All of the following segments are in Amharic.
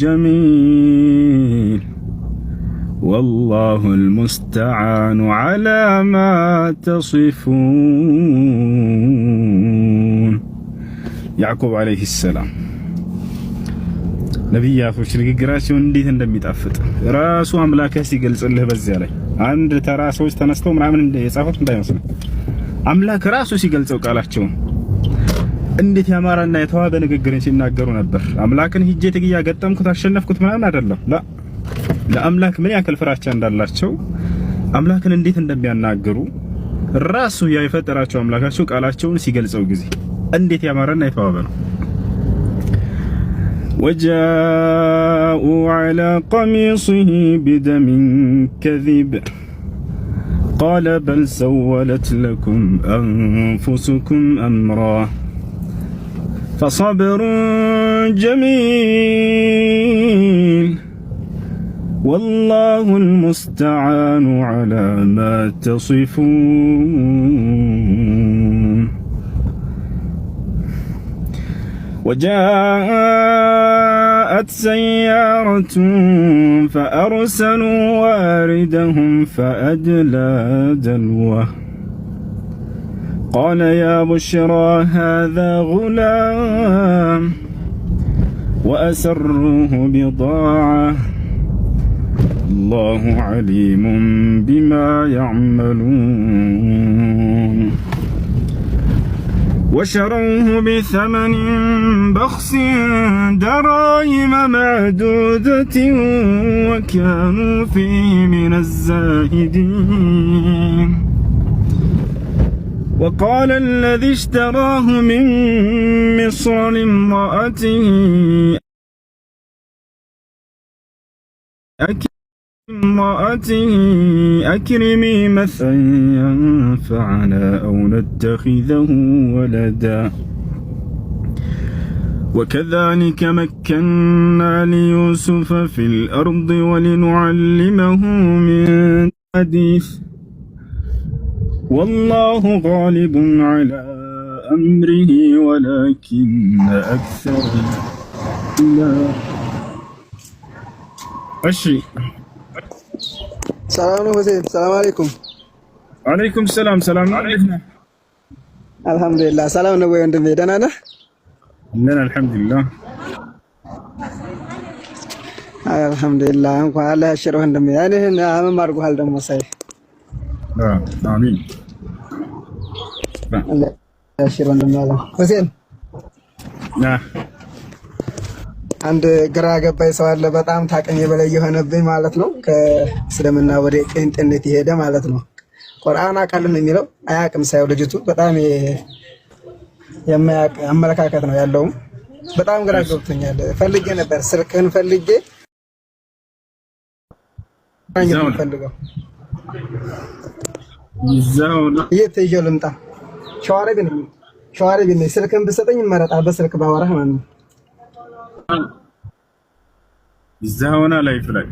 ጀሚል ወላሁል ሙስተዓኑ ዐላ ማ ተሲፉን። ያዕቁብ ዓለይሂ ሰላም ነቢያቶች ንግግራቸውን እንዴት እንደሚጣፍጥ ራሱ አምላክህ ሲገልጽልህ፣ በዚያ ላይ አንድ ተራ ሰዎች ተነስተው ምናምን የጻፉት እንዳይመስልህ አምላክ ራሱ ሲገልጸው ቃላቸውን እንዴት ያማረና የተዋበ ንግግርን ሲናገሩ ነበር። አምላክን ሂጄ ትግያ ገጠምኩት አሸነፍኩት ምናምን አይደለም። ላ ለአምላክ ምን ያክል ፍራቻ እንዳላቸው አምላክን እንዴት እንደሚያናግሩ ራሱ ያ የፈጠራቸው አምላካቸው ቃላቸውን ሲገልጸው ጊዜ እንዴት ያማረና የተዋበ ነው። ወጃኡ ዐላ ቀሚሲሂ ቢደሚን ከዚብ ቃለ በል ሰወለት ለኩም አንፉሱኩም አምራ فصبر جميل والله المستعان على ما تصفون وجاءت سيارة فأرسلوا واردهم فأدلى دلوه قال يا بشرى هذا غلام وأسروه بضاعة الله عليم بما يعملون وشروه بثمن بخس دراهم معدودة وكانوا فيه من الزاهدين وقال الذي اشتراه من مصر لامرأته امرأته أكرمي مثلا فعلى أو نتخذه ولدا وكذلك مكنا ليوسف في الأرض ولنعلمه من حديث والله غالب على أمره ولكن أكثر لا أشي السلام عليكم السلام عليكم عليكم السلام سلام عليكم الحمد لله سلام نبوي وندم ميدان انا لنا الحمد لله አይ አልሐምዱሊላህ እንኳን አላህ أنا እንደሚያለህ እና ማርጉሃል ደግሞ ሳይ አሚን እሺ ወንድም ሁሴን አንድ ግራ ገባይ ሰው አለ። በጣም ታቅሜ በላይ የሆነብኝ ማለት ነው። ከእስልምና ወደ ቄንጤነት የሄደ ማለት ነው። ቁርአን አውቃለሁ የሚለው አያቅም ሳይው ልጅቱ በጣም የማያቅ አመለካከት ነው ያለውም። በጣም ግራ ገብቶኛል። ፈልጌ ነበር ስልክህን ፈልጌ ፈልገው የት ይዤው ልምጣ ሸዋረቢ ነኝ ሸዋረቢ ነኝ። ስልክህን ብትሰጠኝ ይመረጣል። በስልክ ባወራህ ማለት ነው። እዛ ሆና ላይፍ ላይ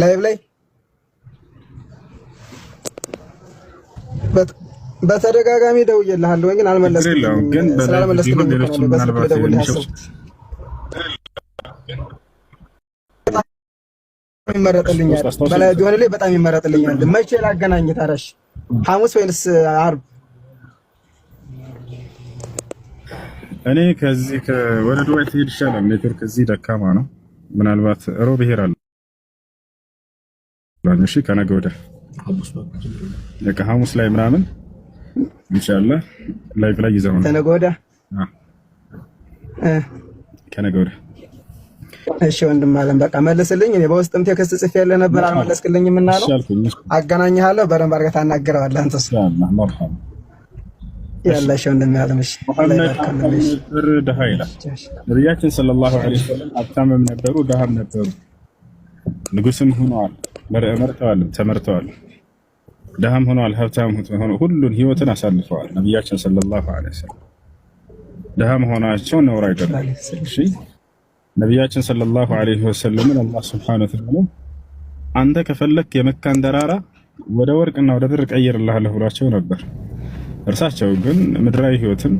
ላይፍ ላይ በተደጋጋሚ ደውዬልሃለሁ ወይ ግን አልመለስክም። ስላልመለስክ ነው። በጣም ይመረጥልኛል። ጆን ላይ በጣም ይመረጥልኛል። መቼ ላገናኝ ታረሽ? ሐሙስ ወይንስ አርብ? እኔ ከዚህ ወደ ዱባይ ትሄድ ይሻላል። ኔትወርክ እዚህ ደካማ ነው። ምናልባት ሮብ እሄዳለሁ። እሺ፣ ከነገ ለካ ሐሙስ ላይ ምናምን ኢንሻአላህ ላይቭ ላይ ይዘው ነው ከነገ ወዲያ እሺ ወንድም አለም በቃ መልስልኝ። እኔ በውስጥም ቴክስት ጽፍ ያለ ነበር አልመለስክልኝም እና ነው አገናኝሃለሁ። በደንብ አድርገህ ታናግረዋለህ። አንተስ ያለሽ ወንድም ያለም እሺ ሙሐመድ ድሃ ይላል። ነቢያችን ሰለላሁ ዐለይሂ ወሰለም ሀብታምም ነበሩ፣ ድሃም ነበሩ። ንጉስም ሆነዋል፣ መርተዋል፣ ተመርተዋል። ድሃም ሆነዋል፣ ሀብታም ሁሉን ህይወትን አሳልፈዋል። ነቢያችን ሰለላሁ ዐለይሂ ወሰለም ድሃ መሆናቸው ነውር አይደለም። እሺ ነቢያችን ሰለላሁ ዐለይሂ ወሰለምን አላህ ስብሐነ ወተዓላ አንተ ከፈለክ የመካን ተራራ ወደ ወርቅና ወደ ብር ቀይርልሃለሁ ብሏቸው ነበር። እርሳቸው ግን ምድራዊ ህይወትን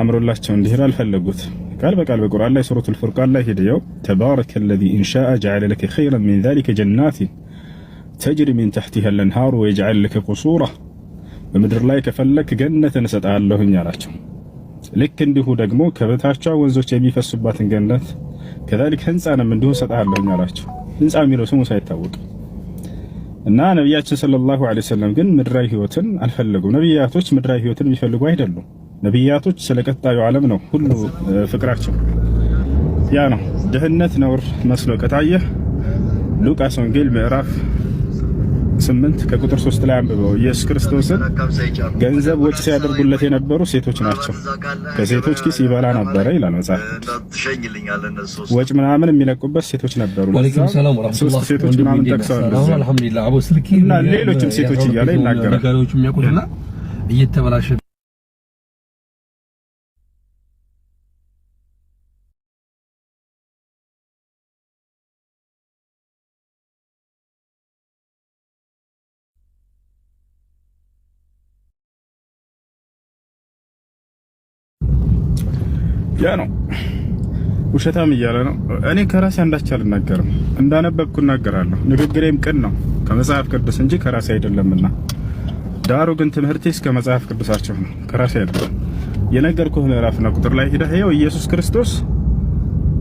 አምሮላቸው እንዲሄድ አልፈለጉት። ቃል በቃል በቁርአን ላይ ሱረቱል ፉርቃን ላይ ሄደው ተባረከ ለዚ ኢንሻአ ጀዐለ ለከ ኸይረን ሚን ዛሊከ ጀናቲን ተጅሪ ሚን ተሕቲሃ አልአንሃሩ ወየጅዐል ለከ ቁሱራ በምድር ላይ ከፈለክ ገነትን እሰጥሃለሁኝ አላቸው። ልክ እንዲሁ ደግሞ ከበታቿ ወንዞች የሚፈሱባትን ገነት ከዛልክ ህንፃንም እንዲሁ ሰጣለሁኝ አላቸው። ህንፃ የሚለው ስሙ ሳይታወቅ እና ነቢያችን ሰለላሁ ዐለይሂ ወሰለም ግን ምድራዊ ህይወትን አልፈለጉም። ነቢያቶች ምድራዊ ህይወትን የሚፈልጉ አይደሉም። ነቢያቶች ስለ ቀጣዩ ዓለም ነው ሁሉ ፍቅራቸው። ያ ነው ድህነት ነውር መስሎ ከታየህ ሉቃስ ወንጌል ምዕራፍ ስምንት ከቁጥር 3 ላይ አንብበው ኢየሱስ ክርስቶስን ገንዘብ ወጪ ሲያደርጉለት የነበሩ ሴቶች ናቸው። ከሴቶች ኪስ ይበላ ነበረ ይላል መጽሐፍ ቅዱስ። ወጭ ምናምን የሚለቁበት ሴቶች ነበሩ። ሶስት ሴቶች ምናምን ጠቅሰዋል ሌሎችም ሴቶች እያለ ይናገራል። ያ ነው ውሸታም እያለ ነው። እኔ ከራሴ አንዳች አልናገርም፣ እንዳነበብኩ እናገራለሁ። ንግግሬም ቅን ነው ከመጽሐፍ ቅዱስ እንጂ ከራሴ አይደለምና፣ ዳሩ ግን ትምህርቴ እስከ መጽሐፍ ቅዱሳቸው ነው፣ ከራሴ አይደለም። የነገርኩህ ምዕራፍና ቁጥር ላይ ሄደህ ይኸው ኢየሱስ ክርስቶስ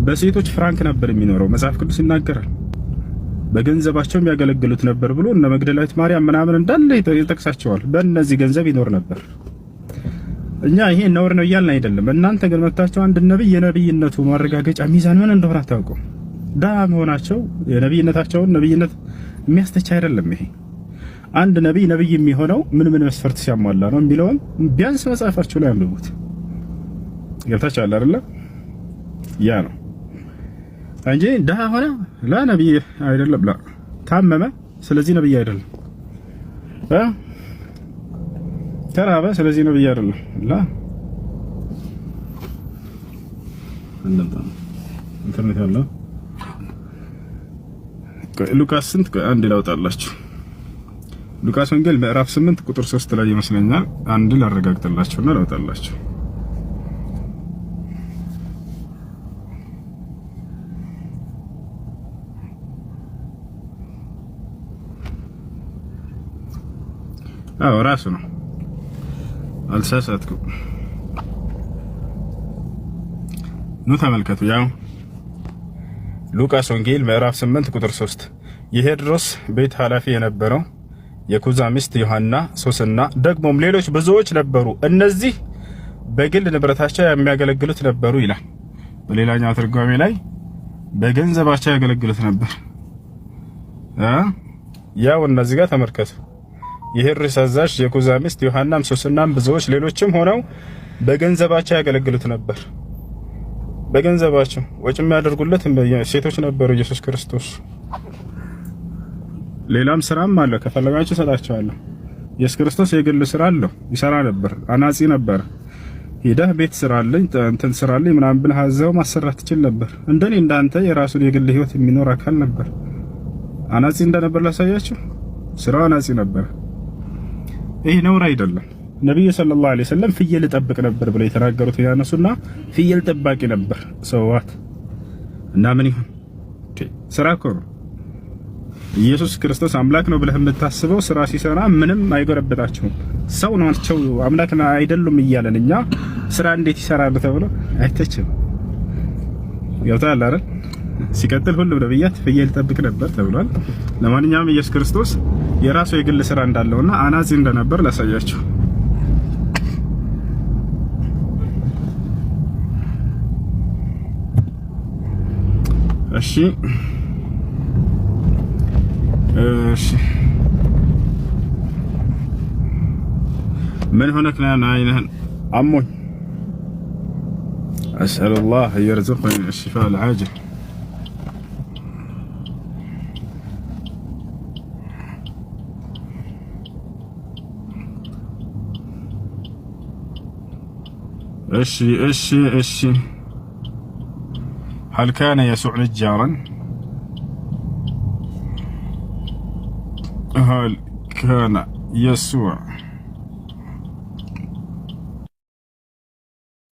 በሴቶች ፍራንክ ነበር የሚኖረው፣ መጽሐፍ ቅዱስ ይናገራል። በገንዘባቸው የሚያገለግሉት ነበር ብሎ እነ መግደላዊት ማርያም ምናምን እንዳለ ይጠቅሳቸዋል። በእነዚህ ገንዘብ ይኖር ነበር። እኛ ይሄ ነውር ነው እያልን አይደለም። እናንተ ግን መብታቸው አንድ ነብይ የነብይነቱ ማረጋገጫ ሚዛን ምን እንደሆነ አታውቁም። ደሃ መሆናቸው የነብይነታቸውን ነብይነት የሚያስተች አይደለም። ይሄ አንድ ነብይ ነብይ የሚሆነው ምን ምን መስፈርት ሲያሟላ ነው የሚለውን ቢያንስ መጽሐፋችሁ ላይ አንብቡት። ገብታችኋል አይደለ? ያ ነው እንጂ ደሃ ሆነ ላ ነብይ አይደለም። ላ ታመመ፣ ስለዚህ ነብይ አይደለም። ተራበ። ስለዚህ ነው ብዬ አይደለም ላ ኢንተርኔት አለ። ሉቃስ ስንት አንድ ላውጣላችሁ። ሉቃስ ወንጌል ምዕራፍ 8 ቁጥር 3 ላይ ይመስለኛል። አንድ ላረጋግጥላችሁና ላውጣላችሁ። አዎ ራሱ ነው አልሳሳትኩም። ኑ ተመልከቱ። ያው ሉቃስ ወንጌል ምዕራፍ 8 ቁጥር 3 የሄድሮስ ቤት ኃላፊ የነበረው የኩዛ ሚስት ዮሐና፣ ሶስና ደግሞም ሌሎች ብዙዎች ነበሩ። እነዚህ በግል ንብረታቸው የሚያገለግሉት ነበሩ ይላል። በሌላኛው ትርጓሜ ላይ በገንዘባቸው ያገለግሉት ነበር ያው እነዚህ ጋር ተመልከቱ። የሄሮድስ አዛዥ፣ የኩዛ ሚስት ዮሐናም፣ ሶስናም ብዙዎች ሌሎችም ሆነው በገንዘባቸው ያገለግሉት ነበር። በገንዘባቸው ወጪ የሚያደርጉለት ሴቶች ነበሩ። ኢየሱስ ክርስቶስ ሌላም ስራም አለው፣ ከፈለጋችሁ እሰጣቸዋለሁ። ኢየሱስ ክርስቶስ የግል ስራ አለው፣ ይሰራ ነበር። አናጺ ነበር። ሄደህ ቤት ስራልኝ እንትን ስራልኝ ምናምን ብለህ አዘው ማሰራት ትችል ነበር። እንደኔ እንዳንተ የራሱን የግል ህይወት የሚኖር አካል ነበር። አናጺ እንደነበር ላሳያችሁ። ስራው አናጺ ነበር። ይህ ነውር አይደለም። ነቢዩ ሰለላሁ ዐለይሂ ወሰለም ፍየል ጠብቅ ነበር ብለው የተናገሩት ያነሱና ፍየል ጠባቂ ነበር ሰዋት እና ምን ይሁን ስራ እኮ ነው። ኢየሱስ ክርስቶስ አምላክ ነው ብለህ የምታስበው ስራ ሲሰራ ምንም አይጎረበጣቸውም። ሰው ናቸው አምላክ አይደሉም እያለን እኛ ስራ እንዴት ይሰራል ተብሎ አይተችም። ገብቶሃል አይደል? ሲቀጥል ሁሉም ነብያት ፍየል ይጠብቅ ነበር ተብሏል። ለማንኛውም ኢየሱስ ክርስቶስ የራሱ የግል ስራ እንዳለውና አናጺ እንደነበር ላሳያችሁ። እሺ እሺ ምን ሆነክ ና አይነህን አሞኝ አስአሉላህ የርዝቅን ሽፋ አልዓጅል اشي اشي اشي هل كان يسوع نجارا هل كان يسوع